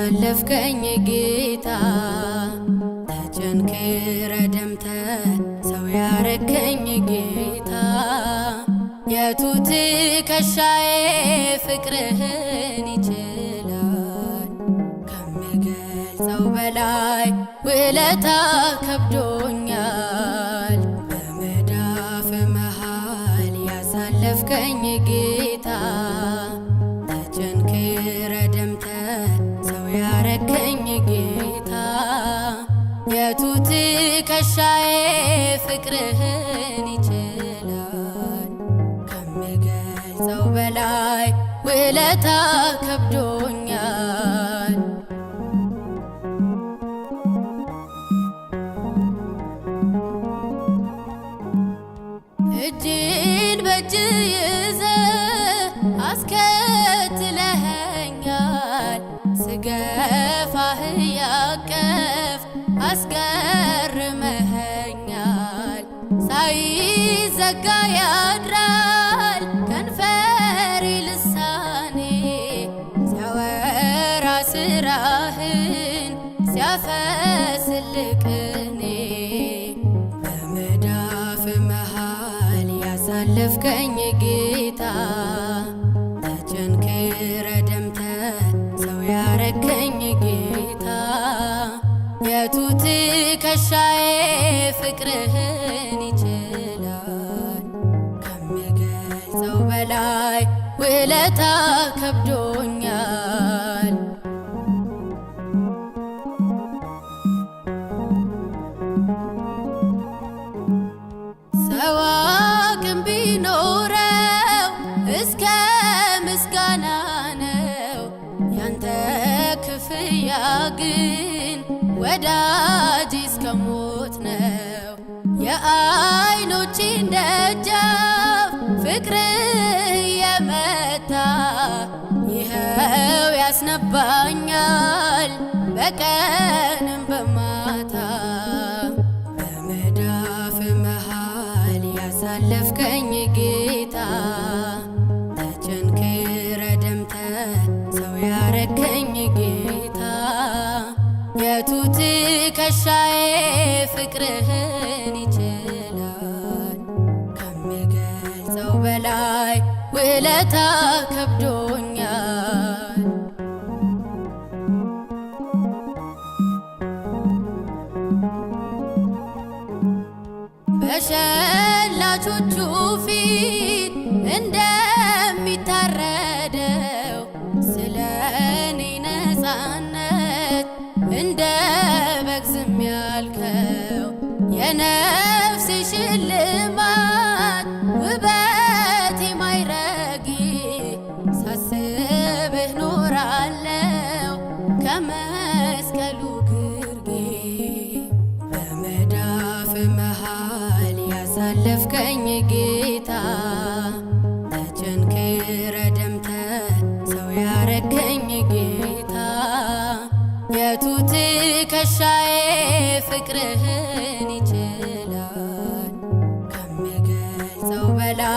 ያሳለፍከኝ ጌታ ተጨንክረ ደምተ ሰው ያረከኝ ጌታ የቱ ትከሻዬ ፍቅርህን ይችላል ከምገልጸው በላይ ውለታ ከብዶኛል በመዳፍ መሃል ያሳለፍከኝ ጌታ አለኝ ጌታ የቱ ትከሻዬ ፍቅርህን ይችላል ከምገልጸው በላይ ውለታ ከብዶኛል። እጅን በእጅ ይዘ አስከ በጸጋ ያድራል ከንፈሪ ልሳኔ ሲያወራ ስራህን ሲያፈስልቅኔ በመዳፍ መሃል ያሳለፍከኝ ጌታ ተቸንክረ ደምተ ሰው ያረከኝ ጌታ የቱ ትከሻዬ ፍቅርህ ውለታ ከብዶኛል ሰው አቅም ቢኖረው እስከ ምስጋና ነው ያንተ ክፍያ ግን ወዳጅ እስከ ሞት ነው የአይኖችን ደጃፍ ፍቅር ያስነባኛል በቀንም በማታ በመዳፍ መሃል ያሳለፍከኝ ጌታ ተቸንክረ ደምተ ሰው ያረከኝ ጌታ የቱ ትከሻዬ ፍቅርህን ይችላል ከሚገልጸው በላይ ውለታ ከብዶ የነፍስሽ ሽልማት ውበት ማይረጊ ሳስብህ ኖራለው ከመስቀሉ ግርጌ በመዳፍ መሃል ያሳለፍከኝ ጌታ ተቸንክረ ደምተ ሰው ያረከኝ ጌታ የቱ ትከሻዬ ፍቅርህ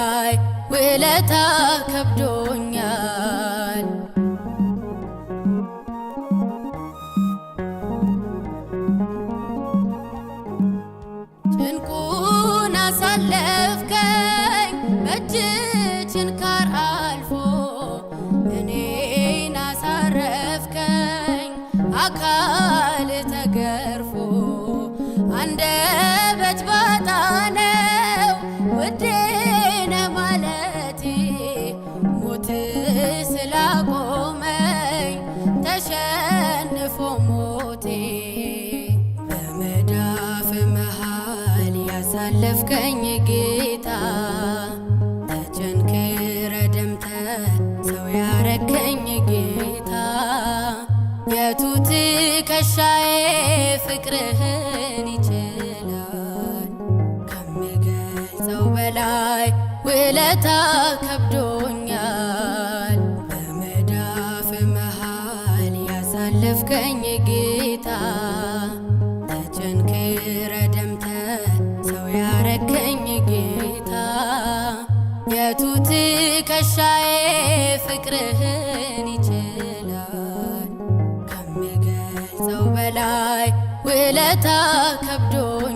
ላይ ውለታ ከብዶኛል ጭንቁን አሳለፍከኝ በእጅ ችንካር አልፎ እኔን አሳረፍከኝ አካል ተገርፎ አንደ አድርገኝ ጌታ ተቸንክረ ደምተ ሰው ያረገኝ ጌታ የቱ ትከሻዬ ፍቅርህን ይችላል ከሚገልጸው በላይ ውለታ ከብዶኛል በመዳፍ መሃል ያሳለፍከኝ ጌታ ተቸንክረ ፍቅርህን ይችላል ከሚገልጸው በላይ ውለታ ከብዶ